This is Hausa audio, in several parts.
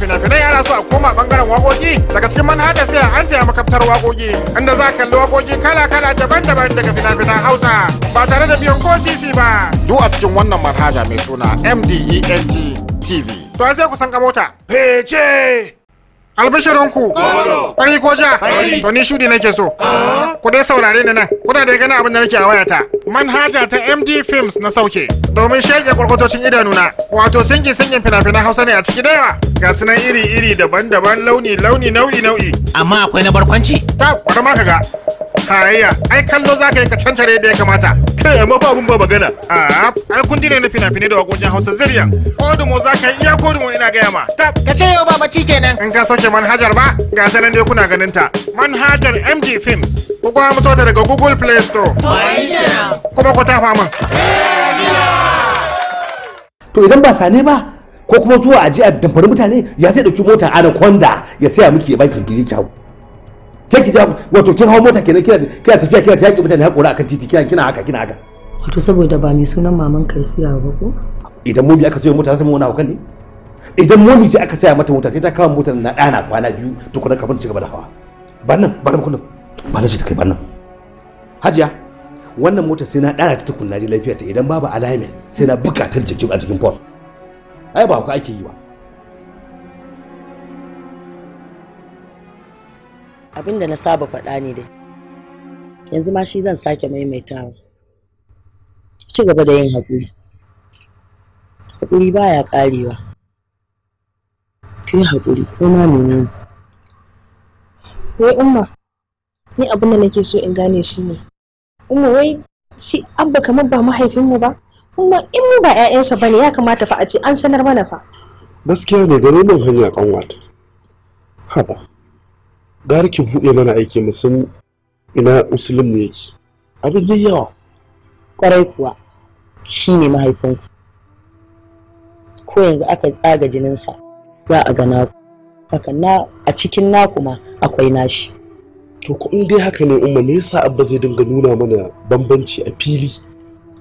fina-finai ana so a koma bangaren wakoki daga cikin manhaja sai an taya makaftar wakoki inda za kalli wakoki kala-kala daban-daban daga fina-finan hausa ba tare da biyan ko sisi ba duk a cikin wannan manhaja mai suna mdent tv to sai ku san ka mota fece Albishirinku, fari ko ja, to ni shudi nake so. Ku dai saurare ni nan, kuna da gani abin da nake a wayata. Manhaja ta MD Films na sauke, domin shaƙe kwarkwatocin idanuna, wato sinki singin fina-finan Hausa ne a ciki da yawa. Ga sunan iri-iri daban-daban launi-launi nau'i-nau'i. Amma akwai na barkwanci? Ta, bari ma ka ga. tarayya ai kallo za ka yi ka cancare da ya kamata kai amma ba abun ba magana a ah, kun ji ne na fina-finai da wakokin hausa zirya kodumo za ka iya kodumo ina gaya ma ta ka ce yau ba bacci kenan in ka sauke manhajar ba ga ta nan dai kuna ganin ta manhajar mg films ku kuma musu ta daga google play store kuma ku min to idan ba sane ba ko kuma zuwa aji a damfari mutane ya zai dauki mota anaconda ya saya miki ya baki gidi kyau ke ja wato kin hawo mota kenan kina kina tafiya kina ta mutane haƙura akan titi kina kina haka kina haka wato saboda ba mai sunan maman kai siya ba ko idan bi aka sayo mota sai ta mu wani hakan ne idan momi ce aka saya mata mota sai ta kawo mota na dana kwana biyu kuna kafin ci gaba da hawa ba nan ba nan kullum ba na shi ta kai ba nan hajiya wannan mota sai na dana ta tukunna ji ta idan babu alignment sai na buƙatar jikin a jikin form ai ba ku ake yi ba abinda na saba faɗa ne dai yanzu ma shi zan sake maimaitawa ci gaba da yin haƙuri haƙuri baya ƙarewa kai haƙuri ko ma menene wai umma ni abin da nake so in gane shi ne umma wai shi abba kamar ba mahaifinmu ba kuma in mu ba 'ya'yansa bane ya kamata fa a ce an sanar mana fa gaskiya ne da nan hanya wata haba garkin ki buɗe mana aiki mu san ina usulin mu yake abin yayi yawa kwarai kuwa shi ne ku ko yanzu aka tsaga jininsa za a ga naku haka na a cikin naku ma akwai nashi to ko in dai haka ne umma me yasa abba zai dinga nuna mana bambanci a fili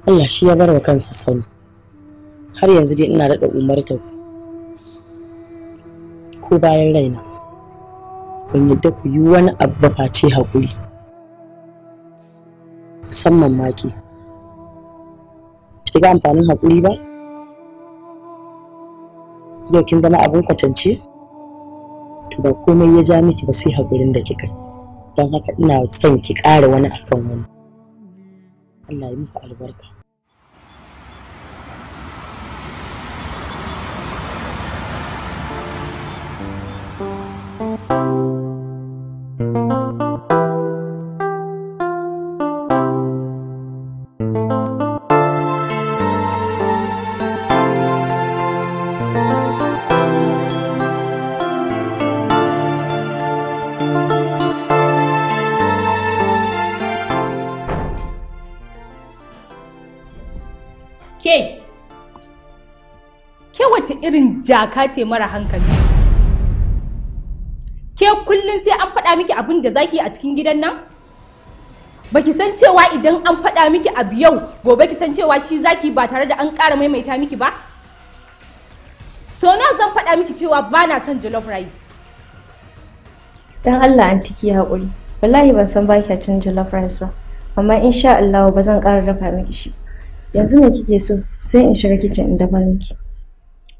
Allah shi ya bar wa kansa sani har yanzu dai ina daɗa umartar ku ko bayan raina ban yadda ku yi wani abu ba face haƙuri musamman ma ke ki ga amfanin hakuri ba yau kin zama abin kwatance to ba komai ya ja miki ba sai haƙurin da kika don haka ina son ki ƙara wani akan wani Allah ya miki albarka irin jaka ce mara hankali ke kullum sai an faɗa miki abin da zaki a cikin gidan nan baki san cewa idan an faɗa miki abu yau gobe ki san cewa shi zaki ba tare da an ƙara maimaita miki ba so na zan faɗa miki cewa ba na son jollof rice dan Allah an tiki haƙuri wallahi ban san ba cin jollof rice ba amma insha Allah ba zan ƙara dafa miki shi yanzu me kike so sai in shiga kicin in dafa miki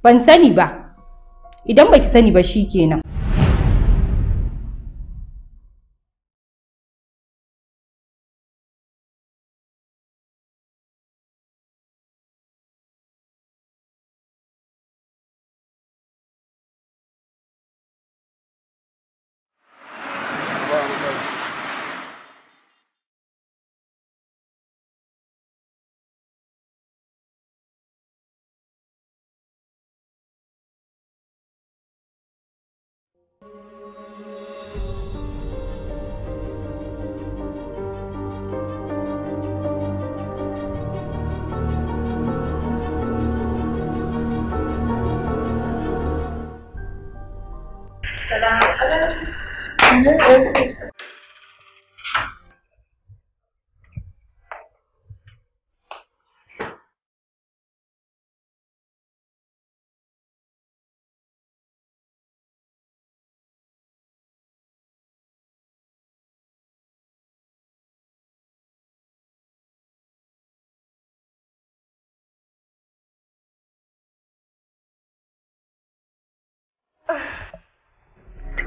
ban sani ba idan baki sani ba shi kenan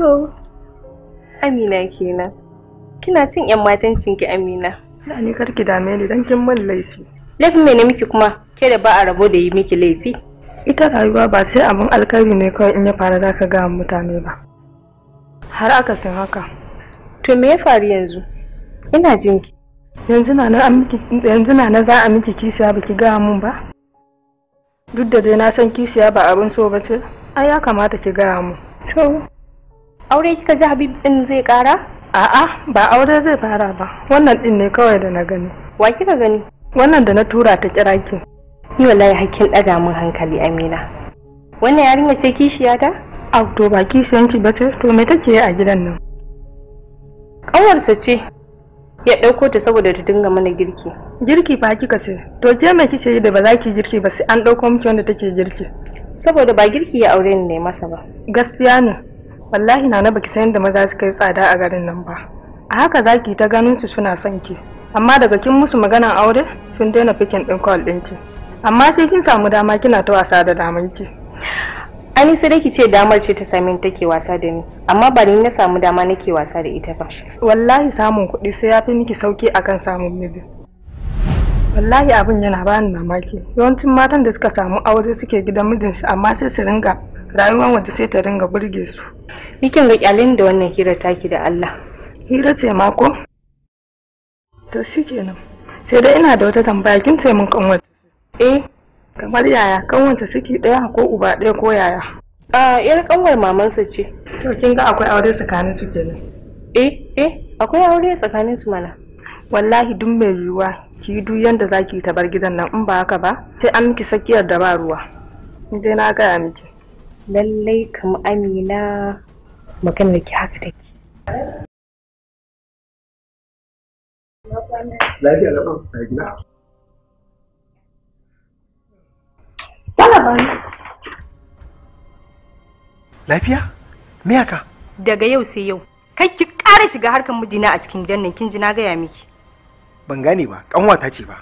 To, Amina kenan. Kina cin ƴan matancin ki Amina. Na ni ki dame ni dan kin man laifi. Laifi me ne miki kuma? Ke da ba a rabo da yi miki laifi. Ita rayuwa ba sai abin alkhairi ne kawai in ya fara za ka ga mutane ba. Har akasin haka. To me ya faru yanzu? Ina jin ki. Yanzu na nan yanzu na nan za a miki kishiya baki ga mun ba? Duk da dai na san kishiya ba abin so ba ce. Ai ya kamata ki gaya mu. To, aure kika ji habib din zai kara a'a ba aure zai fara ba wannan din ne kawai da na gani wa kika gani wannan da na tura ta kira ki ni wallahi hakkin daga min hankali amina wannan yarinya ce kishiyata a to ba kishiyan ba ce to me take a gidan nan Ƙawarsa ce ya ɗauko ta saboda ta dinga mana girki girki fa kika ce to ke me kike yi da ba za ki girki ba sai an ɗauko miki wanda take girki saboda ba girki ya aure ni ne masa ba gaskiya ne wallahi na baki san da maza suka yi tsada a garin nan ba a haka zaki ta ganin su suna son ki amma daga kin musu maganan aure kin daina fikin din call ɗinki amma sai kin samu dama kina ta wasa da ki ani sai ki ce damar ce ta sami take wasa da ni amma ba ni na samu dama nake wasa da ita ba wallahi samun kuɗi sai ya fi miki sauki akan samun miji wallahi abin yana bani mamaki yawancin matan da suka samu aure suke gidan mijinsu amma sai su ringa rayuwar wata sai ta ringa burge su nikin ga kyalin da wannan hira taki da Allah hira ce ma ko to shikenan sai dai ina da wata tambaya kin ce mun kan eh kamar yaya wata suke ɗaya ko uba ɗaya ko yaya a yar kanwar mamansa ce to kin ga akwai aure tsakanin su kenan eh eh akwai aure tsakanin su mana wallahi duk mai yiwuwa ki duk yanda zaki ta bar gidan nan in ba haka ba sai an miki sakiyar da ba ruwa ni dai na gaya miki lallai kam amina maganar ki haka take lafiya me haka daga yau sai yau kai ki ƙara shiga harkar mijina a cikin gidan nan kin ji na gaya miki ban gane ba ƙanwata ce ba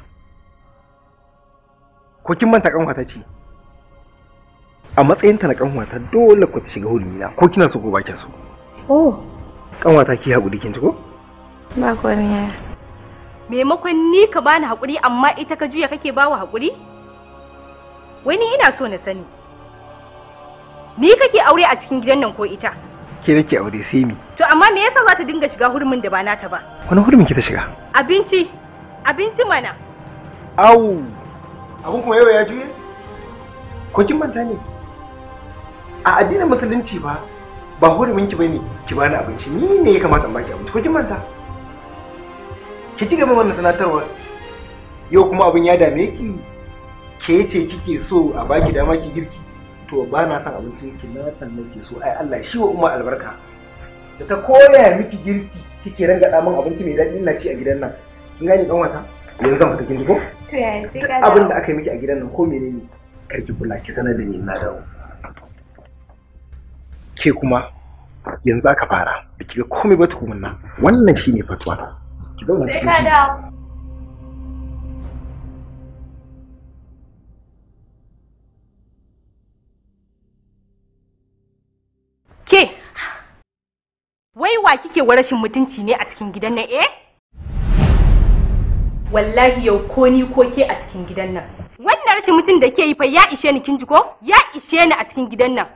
ko kin manta ƙanwata ce a matsayinta na kanwata dole ku shiga na ko kina so ko ba kya so oh kanwata ki haƙuri kin ci ko ba komai yaya maimakon ni ka bani haƙuri amma ita ka juya kake bawa haƙuri wani ina so na sani ni kake aure a cikin gidan nan ko ita ke nake aure sai mi to amma me yasa za ta dinga shiga hurumin da ba nata ba wani hurumin ki ta shiga abinci abinci mana au abun kuma yau ya juye ko kin manta ne a addinin musulunci ba ba hurumin ki bane ki bani abinci ni ne ya kamata in baki abinci ko kin manta ki ci gaba wannan sanatarwa yau kuma abin ya dame ki ke ce kike so a baki dama ki girki to ba na son abinci ki na san nake so ai Allah shi wa umma albarka da ta koya miki girki kike ranga da min abinci mai daɗi ina ci a gidan nan kin gani dan wata yanzu zan fita kin ko to yayi sai ka abin da aka yi miki a gidan nan ko menene karki kula ki sanar da ni ina dawo ke kuma yanzu aka fara da kiga komai ba tukunna wannan shine fatuwa ki zauna cikin ke wai wa kike wa rashin mutunci ne a cikin gidan nan eh wallahi yau ko ni ko ke a cikin gidan nan wannan rashin mutum da ke yi fa ya ishe ni kin ji ko ya ishe ni a cikin gidan nan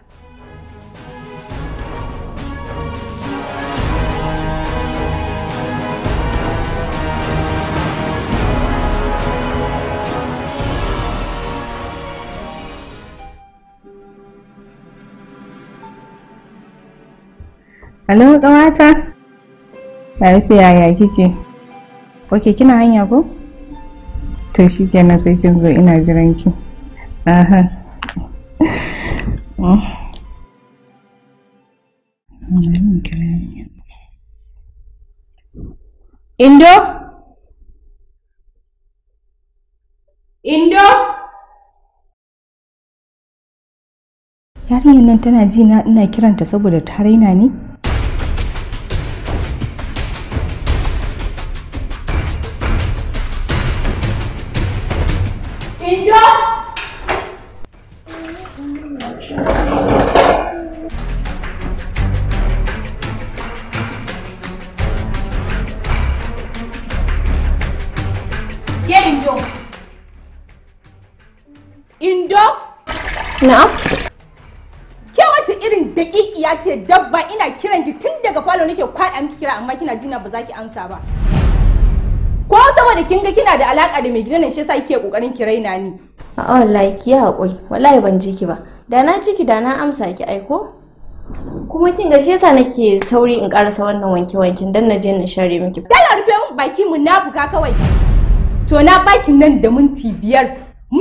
Halo ƙawata. Lafiya ya kike? Ok kina hanya ko? To shi kenan sai kin zo ina jiran ki. Aha. Mm. Indo? Indo? Yarinyar nan tana ji na ina kiranta saboda ta raina ne? kira amma kina jina ba za ki ansa ba ko saboda kin ga kina da alaka da mai gidan nan shi yasa kike kokarin ki raina ni a'a wallahi ki hakuri wallahi ban ji ki ba da na ji ki da na amsa ki aiko kuma kin ga shi yasa nake sauri in karasa wannan wanke wanke dan na je na share miki dala rufe mun baki mu nafuka kawai to na baki nan da minti biyar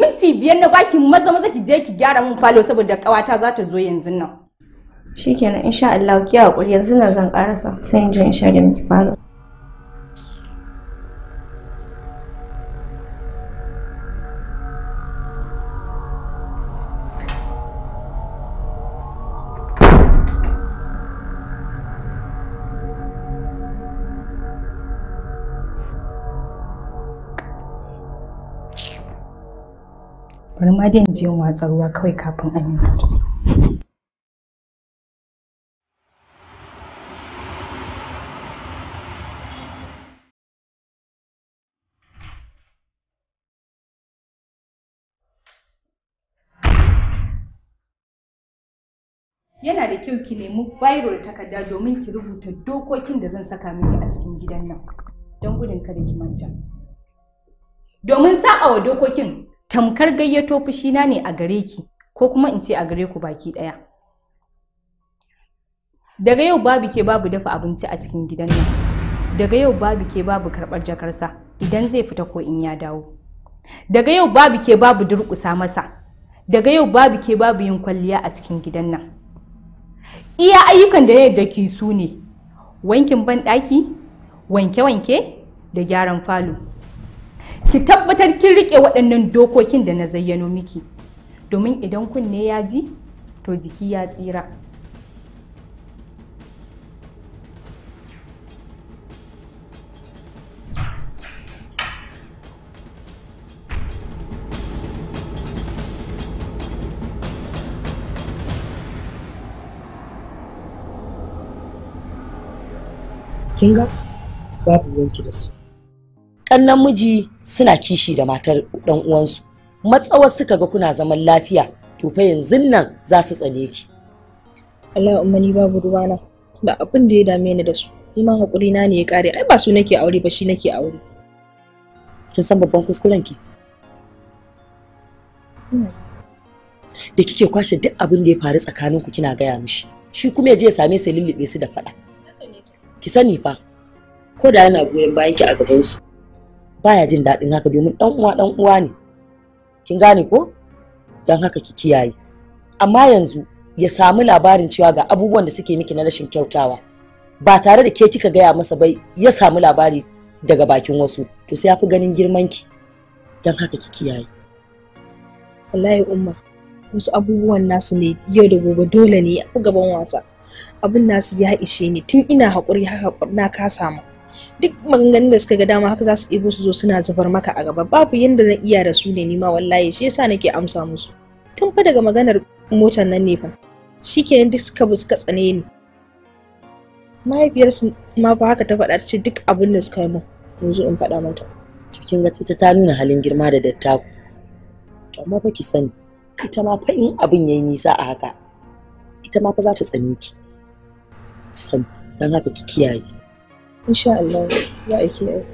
minti biyar na baki maza maza ki je ki gyara mun falo saboda kawata za ta zo yanzu nan shikenan insha Allah ki hakuri yanzu nan zan karasa sai in je in share miki fara bari ma dai je in watsa ruwa kawai kafin a yi kyau ki nemi biro da takarda domin ki rubuta dokokin da zan saka miki a cikin gidan nan don gudun kada ki manta domin saba wa dokokin tamkar gayyato fushina ne a gare ki ko kuma in ce a gare ku baki ɗaya daga yau babu ke babu dafa abinci a cikin gidan nan daga yau babu ke babu karɓar jakarsa idan zai fita ko in ya dawo daga yau babu ke babu durƙusa masa daga yau babu ke babu yin kwalliya a cikin gidan nan iya ayyukan da yadda ki su ne wankin banɗaki wanke-wanke da gyaran falo ki tabbatar kin riƙe waɗannan dokokin da na zayyano miki domin idan kunne ya ji to jiki ya tsira kin ga babu wanki da su kannan miji suna kishi da matar dan uwansu matsawar suka ga kuna zaman lafiya to fa yanzu nan za su tsale ki Allah ummani babu ruwana da abin da ya dame ni da su ni ma hakuri na ne ya kare ai ba su nake aure ba shi nake aure kin san babban kuskuren ki hmm. da kike kwashe duk abin da ya faru tsakaninku kina gaya mishi shi kuma ya je ya same su lullube su da faɗa ki sani fa ko da yana goyon bayan ki a gaban su baya jin daɗin haka domin dan uwa dan uwa ne kin gane ko dan haka ki kiyaye amma yanzu ya samu labarin cewa ga abubuwan da suke miki na rashin kyautawa ba tare da ke kika gaya masa ba ya samu labari daga bakin wasu to sai ya fi ganin girman ki. don haka ki kiyaye wallahi umma wasu abubuwan nasu ne yau da gobe dole ne a gaban wasa abin nasu ya ishe ni tun ina haƙuri haka na kasa samu duk maganganun da suka ga dama haka za su ibo su zo suna zubar maka a gaba babu yadda zan iya da su ne nima wallahi shi yasa nake amsa musu tun fa daga maganar motar nan ne fa shikenan duk suka bu suka tsane ni mahaifiyarsu ma ba haka ta faɗa ce duk abin da suka yi min yanzu in faɗa mata kin ga ita ta nuna halin girma da dattako to amma ba ki sani ita ma fa in abin yayi nisa a haka ita ma fa za ta tsane ki sani don haka ki kiyaye insha Allah za a kiyaye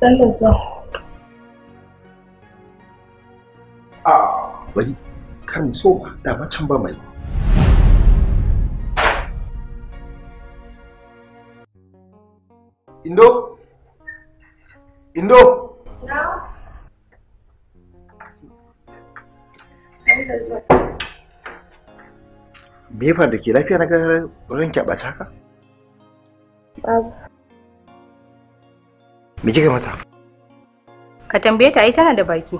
Sallallahu Alaihi Wasallam. kan mu so da macen ba mai Indo Indo Na Me da ke lafiya na ga ranki a ɓace haka? Babu. Me kika mata? Ka tambaye ta ai tana da baki.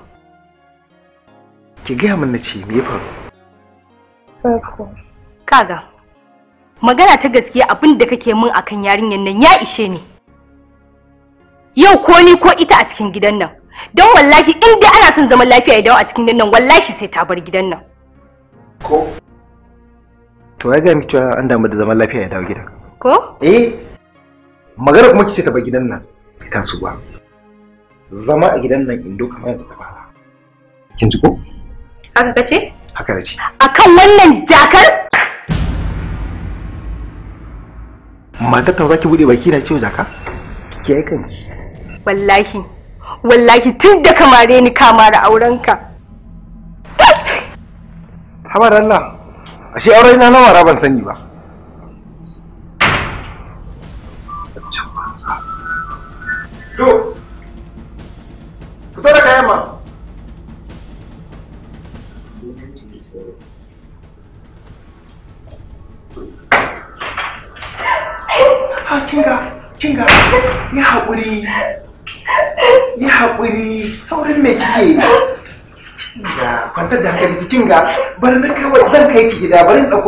ki gaya min na ce me ya faru farko kaga magana ta gaskiya abin da kake min akan yarinyar nan ya ishe ni yau ko ni ko ita a cikin gidan nan don wallahi in dai ana son zaman lafiya ya dawo a cikin nan wallahi sai ta bar gidan nan ko to ai ga miki cewa an damu da zaman lafiya ya dawo gidan ko eh magana kuma kice ta bar gidan nan ta su ba zama a gidan nan indo kamar yanzu ta fara kin ji ko haka kace haka kace akan wannan jakar matar ta zaki bude baki na cewa jaka ke ai kanki wallahi wallahi tun da kamare ni auren aurenka habar Allah ashe auren na nawa ban sani ba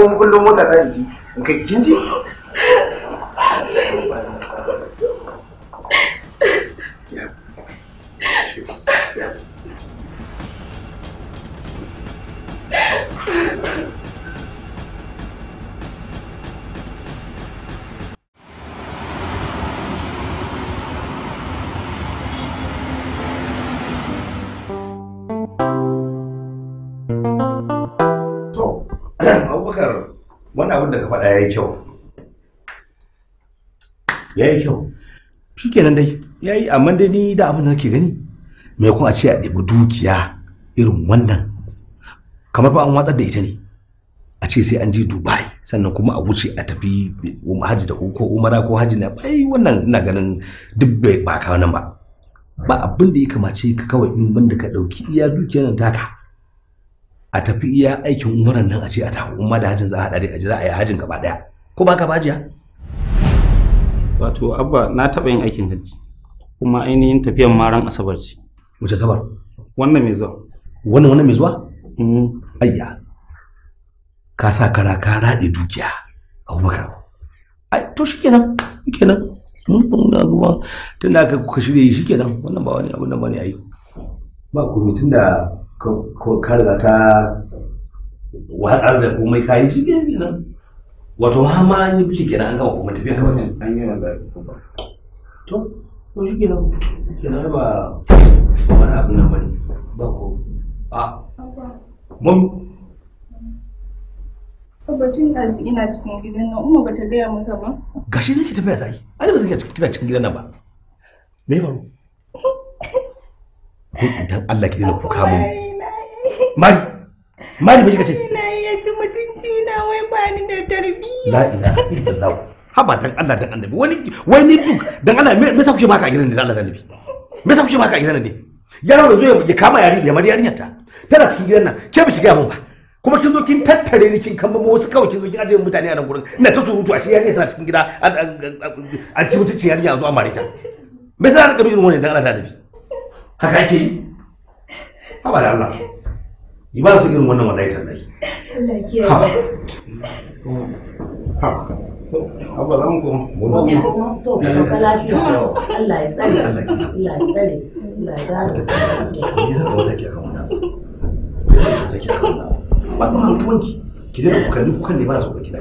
kuma kullum mota ta jiki in kai kin ji abubakar wani abin da ka faɗa ya yi kyau ya yi kyau shi kenan dai ya yi amma dai ni da abin da nake gani mai kuma a ce a ɗebi dukiya irin wannan kamar ba an watsar da ita ne a ce sai an je dubai sannan kuma a wuce a tafi hajji da ko umara ko hajji na bai wannan ina ganin duk bai ba kawo nan ba ba abin da ya kamace ka kawai in banda ka ɗauki iya dukiyar nan taka a tafi iya aikin umaran nan a ce a tafi umma da hajin za a haɗa za a yi hajin gaba ɗaya ko ba ka bajiya wato abba na taɓa yin aikin hajji kuma ainihin tafiyan maran asabar ce wace asabar wannan mai zuwa wannan wannan mai zuwa mm-hmm. ayya ka sa kara ka raɗe dukiya abubakar ai to shikenan shikenan mun ga kuma tunda aka kuka shirye shikenan wannan ba wani abu da bane ayi." ba komai tunda ka riga ka watsar da komai kayi shi kenan wato ma ma an yi bishi kenan an gama komai tafiya an yi wanda to ko shi kenan kenan ba wani bane ba ko a mun Batun ɗazi ina cikin gidan nan, Umma bata gaya maka ba. Gashi nake tafiya ta yi, ba zan kina cikin gidan nan ba. Me faru? Dan Allah ki dina kuka mun. mari mari bai kace ina ya ci mutunci na wai ba ni da tarbiyya la ilaha illallah haba dan Allah dan annabi wani wai ni duk dan Allah me yasa kuke baka a gidan da Allah dan annabi me yasa kuke baka a gidan ne yaro da zo ya kama yari ya mari yarinyar ta tana cikin gidan nan ke bi shiga mun ba kuma kin zo kin tattare ni kin kamba wasu kawai kin zo kin ajiye mutane a nan gurin ina ta surutu a shi yarinya tana cikin gida an ci mutunci yarinya a zo a mare ta me yasa ka irin wannan dan Allah dan annabi haka ake yi haba da Allah ni ba su irin wannan wallahi tallahi ke ba ki dai kukan ne ba su kira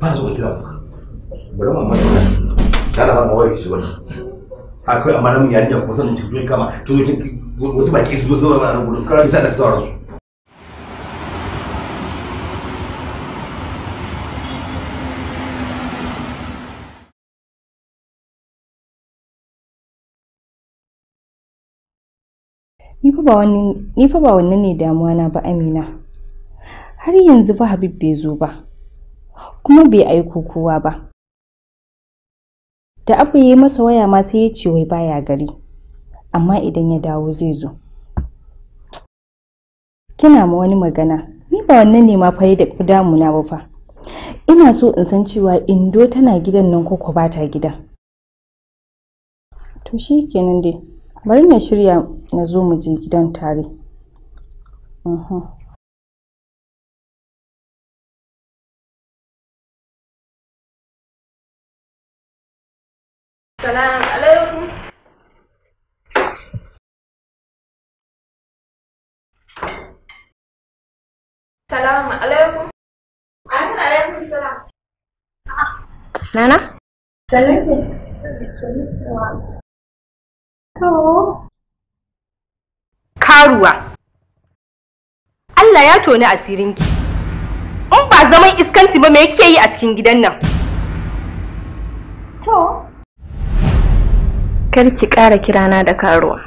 ba su kira bari ma ta da ba ma wai akwai amana mun yarinya kuma sanin cikin kama to wasu baki su zo zuwa nan gurin kar ki sa da sauransu ni fa ba wannan ne damuwa na ba amina har yanzu ba habib bai zo ba kuma bai aiko kowa ba da abu ya yi masa waya ma sai ya ce wai baya gari amma idan ya dawo zai zo kina ma wani magana ni ba wannan ne ma fa da damuna ba fa ina so in san cewa indo tana gidan nan ko ba ta gidan to shi kenan dai bari na shirya na zo mu je gidan tare Salam alaikum. Salam alaikum. alaikum salam. Nana? Salam. Karuwa. Allah ya toni asirinki. In ba zaman iskanci ba me yake yi a cikin gidan nan? To. Kar ki ƙara kirana da karuwa.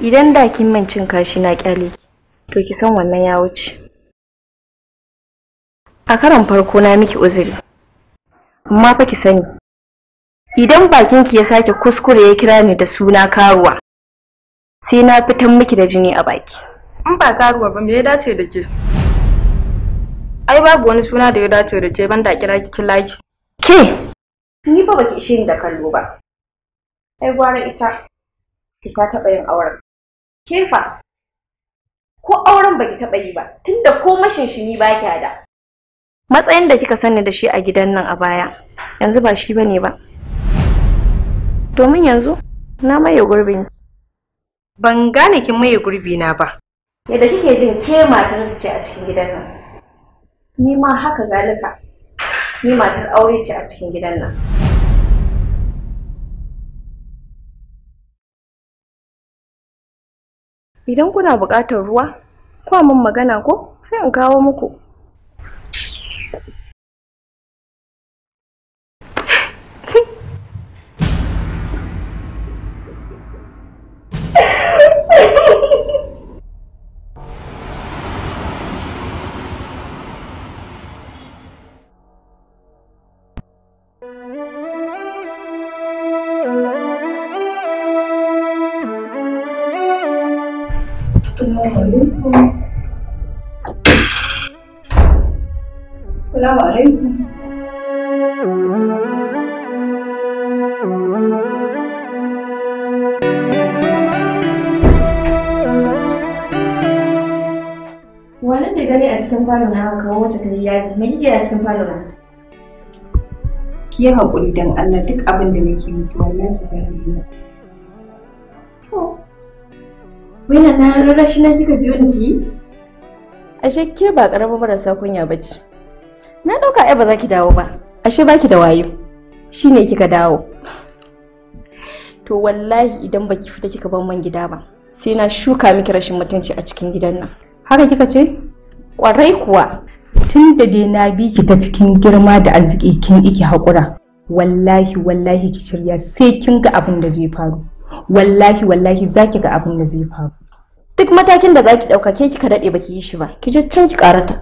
Idan da kin min cin kashi na kyale to ki san wannan ya wuce. A karon farko na miki uzuri. Amma fa ki sani Idan bakinki ya sake kuskure ya kira ni da suna karuwa, sai na fitan miki da jini a baki. In ba karuwa ba me ya dace da ke? Ai babu wani suna da ya dace da ke banda kira ki kilaki. Ke? Ni fa baki ishe ni da kallo ba. Ai gwara ita ki ta taɓa yin auren. Ke fa? Ko auren baki taɓa yi ba, tunda ko mashinshini ba kya da. Matsayin da kika sani da shi a gidan nan a baya, yanzu ba shi bane ba. domin yanzu na maye gurbin ban gane kin maye gurbi na ba yadda kike jin ke matar ce a cikin gidan nan ni ma haka galika. ni matar aure ce a cikin gidan nan idan kuna buƙatar ruwa ko min magana ko sai in kawo muku falo na aka kawo wacce ta yi yaji me kike a cikin falo na ki yi haƙuri don Allah duk abin da nake miki wallahi zan yi ki to wai na rarrashi na kika biyo ni ki ashe ke ba ƙaramin marasa kunya bace na ɗauka ai ba za ki dawo ba ashe baki da wayo shi ne kika dawo to wallahi idan baki fita kika bar man gida ba sai na shuka miki rashin mutunci a cikin gidan nan haka kika ce kwarai kuwa, tun da dai na bi ki ta cikin girma da arziki kin iki haƙura. Wallahi wallahi ki shirya sai kin ga abin da zai faru. Wallahi wallahi za ki ga abin da zai faru. Duk matakin da zaki ki ɗauka ke kika daɗe baki yi shi ba, ki je can ki ƙarata.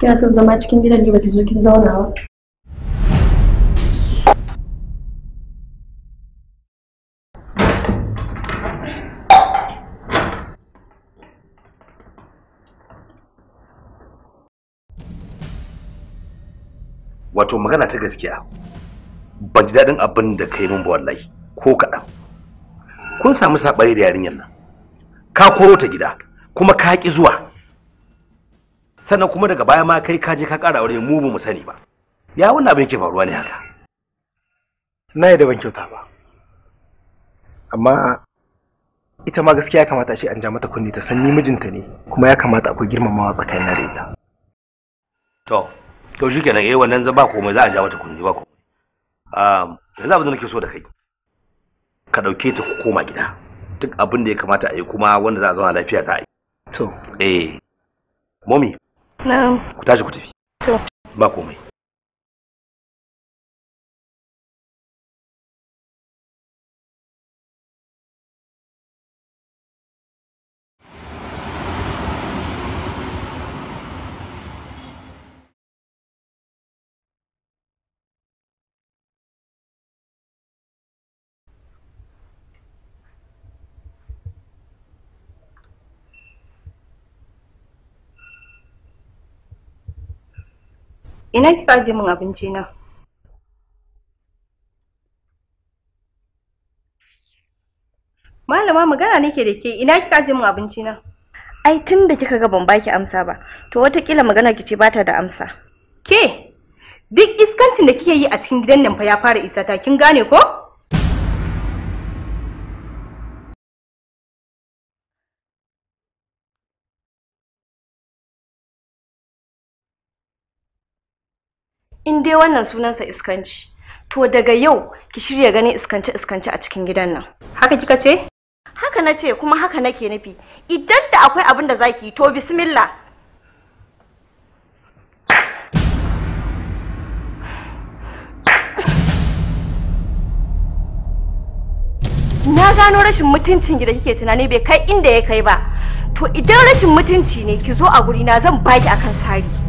Kina son zama cikin gidan ne ba zo kin zauna ba? wato magana ta gaskiya ban ji daɗin abin da kai min ba wallahi ko kaɗan kun samu saɓari da yarinyar nan ka koro ta gida kuma ka ƙi zuwa sannan kuma daga baya ma kai ka je ka ƙara aure mu ba mu sani ba ya wannan abin yake faruwa ne haka na da ban kyauta ba amma ita ma gaskiya ya kamata a ce an ja mata kunne ta san ni mijinta ne kuma ya kamata akwai girmamawa tsakanin da ita to to shi kenan eh wannan za ba komai za a ja mata kunji ba komai ah, yanzu abin da nake so da kai ka dauke ta ku koma gida duk abin da ya kamata a yi kuma wanda za a zauna lafiya za a yi to eh momi na'am ku tashi ku tafi to ba komai Ina kika ajiye min abinci na? Malama magana nake da ke ina kika ajiye min abinci na? Ai tun da kika ga ban baki amsa ba, to watakila magana ki ce bata da amsa. Ke, duk iskancin da kike yi a cikin gidan nan fa ya fara isa ta kin gane ko? dai wannan sunansa iskanci to daga yau ki shirya ganin iskance iskance a cikin gidan nan haka kika ce haka na ce kuma haka nake nufi idan da akwai abin da zaki to bismillah na gano rashin mutuncin gida kike tunani bai kai inda ya kai ba to idan rashin mutunci ne ki zo a guri na zan baki akan sari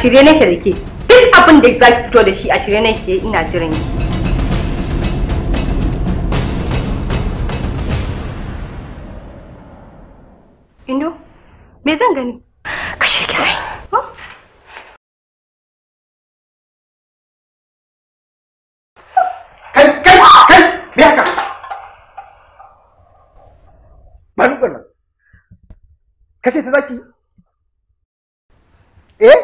shirye nake da ke duk abin da za ki fito da shi a shirye nake ina jiran ki Indo, me zan gani? Kashe ki sai. Oh. Kai, kai, kai, me haka? Bari Kashe ta zaki? Eh?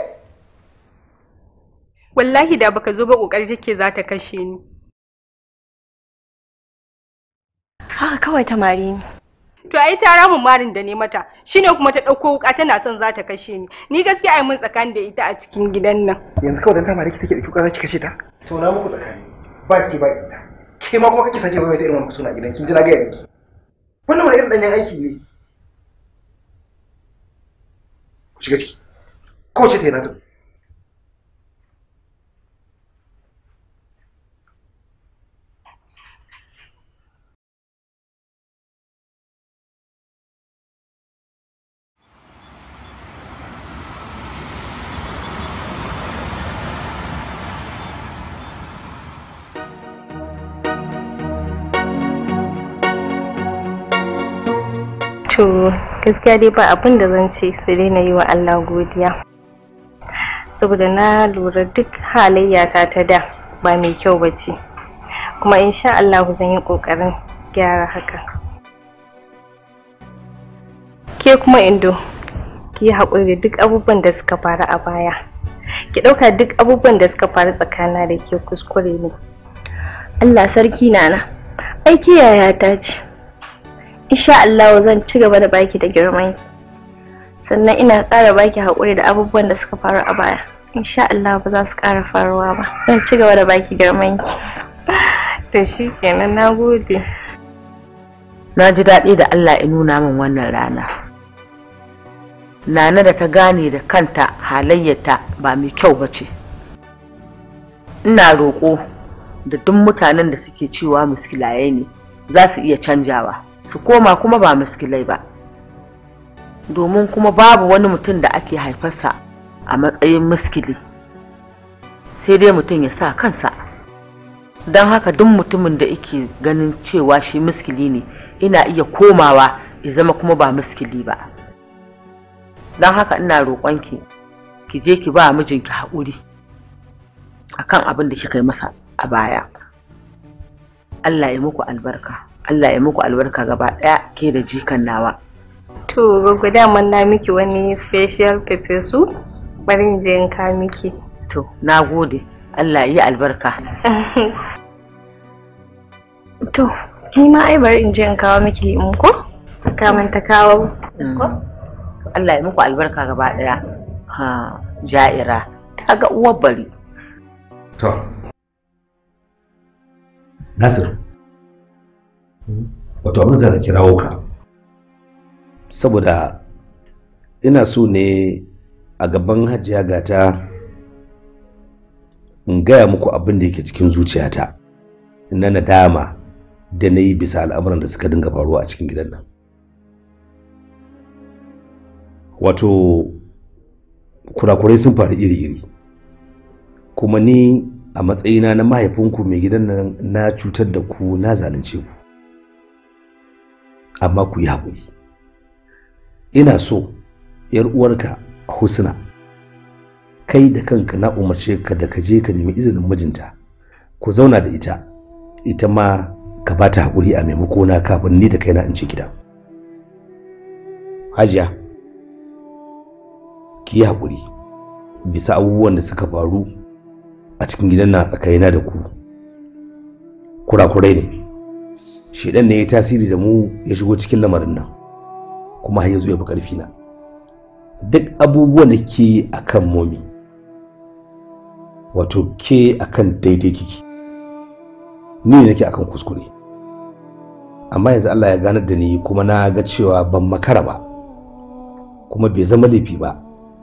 Wallahi da baka zo ba kokari take za ta kashe ni. Haka kawai ta mari ni. To ai ta ramin marin da ne mata, shine kuma ta ɗauko wuka tana son za ta kashe ni. Ni gaskiya ai mun tsakani da ita a cikin gidan nan. Yanzu kawai dan ta mari ki take da za ki kashe ta? To na muku tsakani. Ba ki ba ita. Ke ma kuma kake sake wai da irin wannan suna gidan kin ji na ga yanki. Wannan wani irin danyen aiki ne. Ku shiga ciki. Ko ce ta yana to. to gaskiya dai ba abin da zan ce sai dai na yi wa Allah godiya saboda na lura duk halayya ta ta da ba mai kyau ba ce kuma insha Allah zan yi ƙoƙarin gyara haka ke kuma indo ki yi haƙuri da duk abubuwan da suka faru a baya ki ɗauka duk abubuwan da suka faru tsakana da ke kuskure ne Allah sarki nana aiki yaya ta ce insha Allah zan ci gaba da baki da girman ki sannan ina ƙara baki haƙuri da abubuwan da suka faru a baya insha Allah ba za su ƙara faruwa ba zan ci gaba da baki girman ki to shikenan nagode na ji daɗi da Allah ya nuna min wannan rana nana da ta gane da kanta halayyata ba mai kyau ba ce ina roƙo da duk mutanen da suke cewa muskilaye ne za su iya canjawa su koma kuma ba muskilai ba domin kuma babu wani mutum da ake haifarsa a matsayin muskili sai dai mutum ya sa kansa don haka duk mutumin da yake ganin cewa shi muskili ne ina iya komawa ya zama kuma ba muskili ba don haka ina roƙonki ki je ki ba mijinki haƙuri kan abin da kika yi masa a baya Allah ya muku albarka Allah ya muku albarka gaba ɗaya ke da jikan nawa. To gogo daman na miki wani special pepe su barin in je in ka miki. To na gode Allah ya albarka. to ki ma ai barin in je in kawo miki in ko? Ka ta kawo. Mm. Allah ya muku albarka gaba ɗaya. Ha ja'ira ta ga uwar bari. To. Nasiru. wato abin zan kirawo ka saboda ina so ne a gaban hajiya gata in gaya muku abin da yake cikin zuciyata na nadama da na yi bisa al'amuran da suka dinga faruwa a cikin gidan nan wato kurakurai sun faru iri-iri kuma ni a matsayina na mahaifinku mai gidan nan na cutar da ku na zalunce ku amma ku yi hakuri. ina so yar uwarka husna kai da kanka na umarce ka da ka je ka nemi izinin mijinta ku zauna da ita ita ma ka ba ta haƙuri a maimako na kafin ni da kaina in ce gida hajiya ki yi haƙuri bisa abubuwan da suka faru a cikin gidan na tsakanina da ku kurakurai ne shedan ne ya tasiri da mu ya shigo cikin lamarin nan kuma har yanzu ya fi ƙarfi na duk abubuwan da ke a kan momi wato ke a kan daidai kiki ni ne nake akan kuskure amma yanzu Allah ya ganar da ni kuma na ga cewa ban makara ba kuma bai zama laifi ba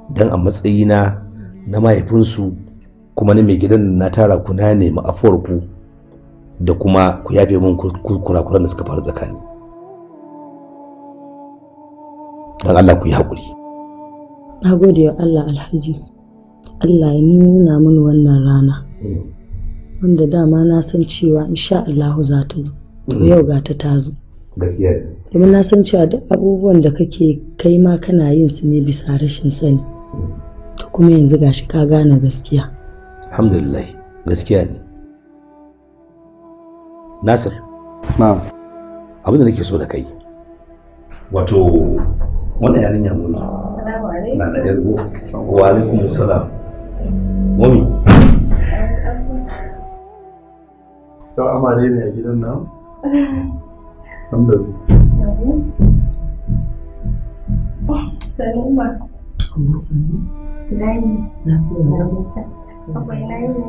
don a matsayina na mahaifinsu kuma na mai gidan na tara ku na nemi afuwar ku da kuma ku yafe min kurakuran da suka faru tsakani don Allah ku yi haƙuri na gode wa Allah alhaji Allah ya nuna mun wannan rana mm. wanda dama na san cewa insha Allah za ta zo to mm. yau ga ta ta zo gaskiya domin na san cewa duk abubuwan da kake kai ma kana yin su ne bisa rashin sani mm. to kuma yanzu gashi ka gane gaskiya alhamdulillah gaskiya ne Nasir. Na'am. Abin da nake so da kai. Wato wannan yarinya mun na da yar wa alaikum salam. Mami. amare ne a gidan nan? San da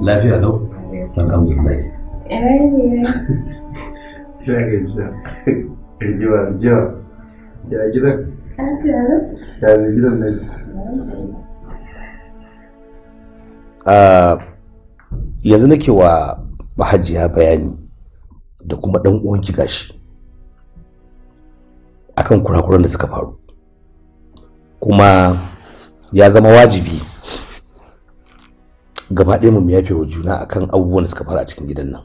Lafiya lau? lafiya. Ya ah, gajiya. ke Ya nake wa mahajiya bayani da kuma ɗan uwan gashi akan kurakuran da suka faru kuma ya zama wajibi gaba ɗaya mu yafe wa juna akan abubuwan da suka faru a cikin gidan nan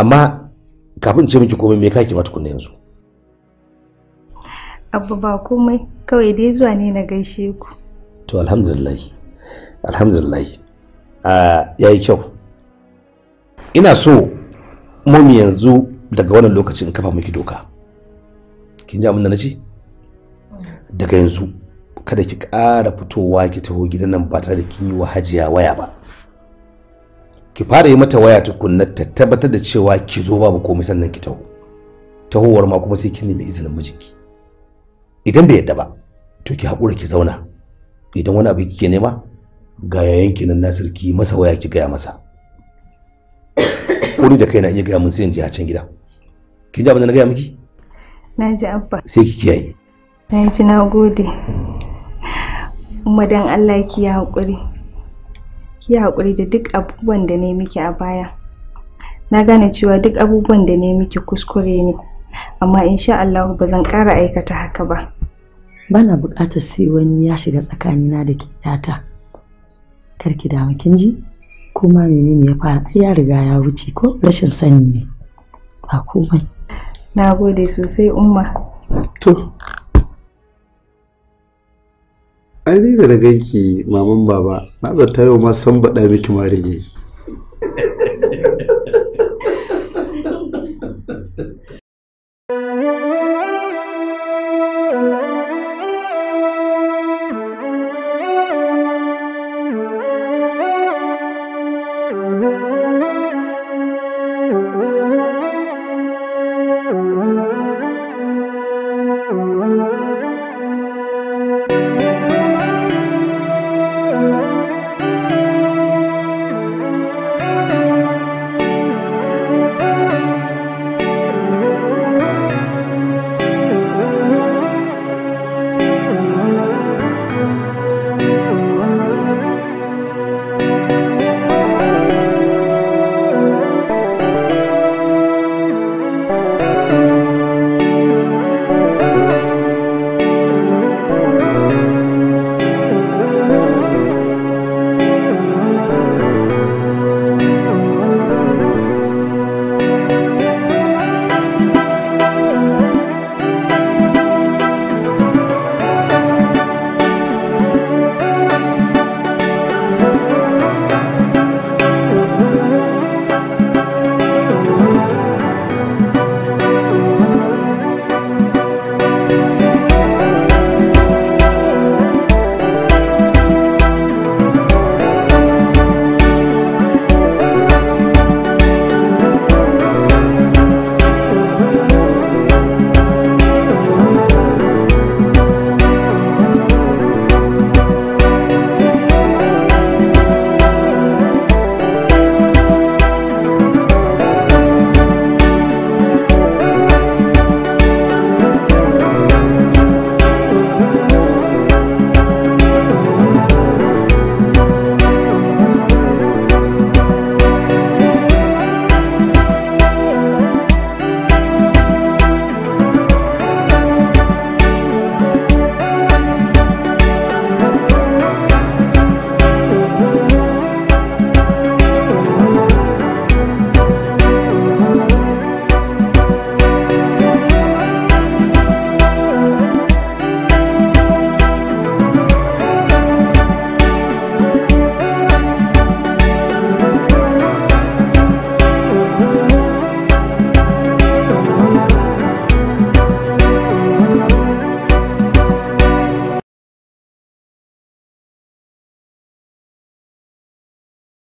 amma kafin ce miki komai me kake ba tukunna yanzu abu ba komai kawai dai zuwa ne na gaishe ku to alhamdulillah alhamdulillah ah, ya yi kyau ina so mami yanzu daga wannan lokacin in kafa miki doka kin ji da na ce daga yanzu kada ki ƙara fitowa ki taho gidan nan ba tare da kin yi wa hajiya waya ba ki fara yi mata waya tukunna ta tabbatar da cewa ki zo babu komai sannan ki taho tahowar ma kuma sai ki nemi izinin mijinki idan bai yadda ba to ki haƙura ki zauna idan wani abu kike nema ga yayan ki nan Nasir ki masa waya ki gaya masa kuri da kaina iya gaya mun sai in ji a can gida kin ji abin da na gaya miki na ji abba sai ki kiyaye na ji na gode Allah ki ya haƙuri ki haƙuri da duk abubuwan da ne miki a baya na gane cewa duk abubuwan da ne miki kuskure ne amma insha Allah ba zan ƙara aikata haka ba bana buƙatar sai wani ya shiga tsakanina da ke Kar ki damu kin ji kuma ne ya fara ai ya riga ya wuce ko rashin sani ne ba komai na gode sosai umma to ai riga da ganki maman baba na zata yau ma san baɗa miki ma yayi